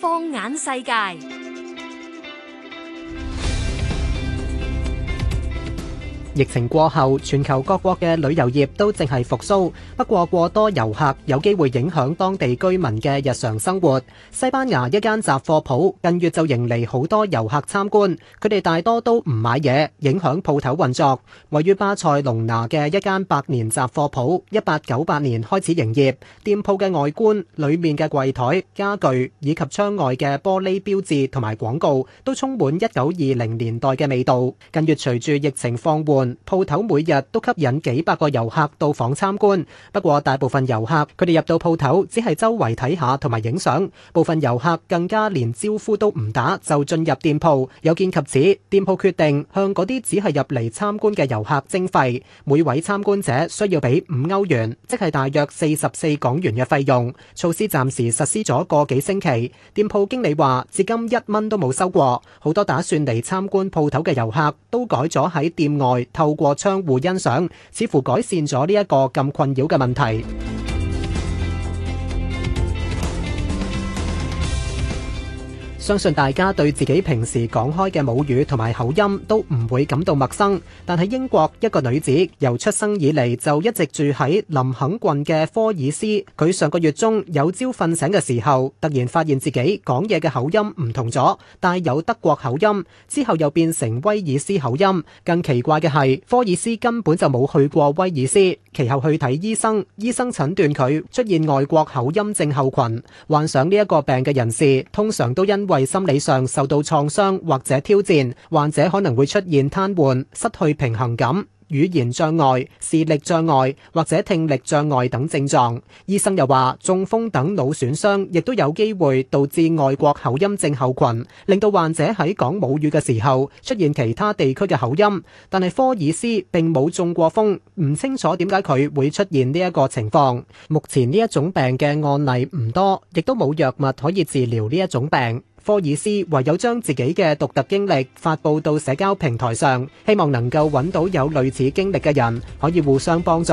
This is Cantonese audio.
放眼世界。疫情過後，全球各國嘅旅遊業都正係復蘇。不過過多遊客有機會影響當地居民嘅日常生活。西班牙一間雜貨鋪近月就迎嚟好多遊客參觀，佢哋大多都唔買嘢，影響鋪頭運作。位於巴塞隆拿嘅一間百年雜貨鋪，一八九八年開始營業，店鋪嘅外觀、裏面嘅櫃台、家具以及窗外嘅玻璃標誌同埋廣告，都充滿一九二零年代嘅味道。近月隨住疫情放緩。鋪頭每日都吸引幾百個遊客到訪參觀，不過大部分遊客佢哋入到鋪頭只係周圍睇下同埋影相，部分遊客更加連招呼都唔打就進入店鋪有見及此，店鋪決定向嗰啲只係入嚟參觀嘅遊客徵費，每位參觀者需要俾五歐元，即係大約四十四港元嘅費用。措施暫時實施咗個幾星期，店鋪經理話至今一蚊都冇收過，好多打算嚟參觀鋪頭嘅遊客都改咗喺店外，透過窗戶欣賞，似乎改善咗呢一個咁困擾嘅問題。相信大家對自己平時講開嘅母語同埋口音都唔會感到陌生，但係英國一個女子由出生以嚟就一直住喺林肯郡嘅科爾斯，佢上個月中有朝瞓醒嘅時候，突然發現自己講嘢嘅口音唔同咗，帶有德國口音，之後又變成威爾斯口音。更奇怪嘅係科爾斯根本就冇去過威爾斯。其後去睇醫生，醫生診斷佢出現外國口音症候群。患上呢一個病嘅人士，通常都因。為心理上受到創傷或者挑戰，患者可能會出現癱瘓、失去平衡感、語言障礙、視力障礙或者聽力障礙等症狀。醫生又話，中風等腦損傷亦都有機會導致外國口音症候群，令到患者喺講母語嘅時候出現其他地區嘅口音。但係科爾斯並冇中過風，唔清楚點解佢會出現呢一個情況。目前呢一種病嘅案例唔多，亦都冇藥物可以治療呢一種病。科爾斯唯有將自己嘅獨特經歷發佈到社交平台上，希望能夠揾到有類似經歷嘅人，可以互相幫助。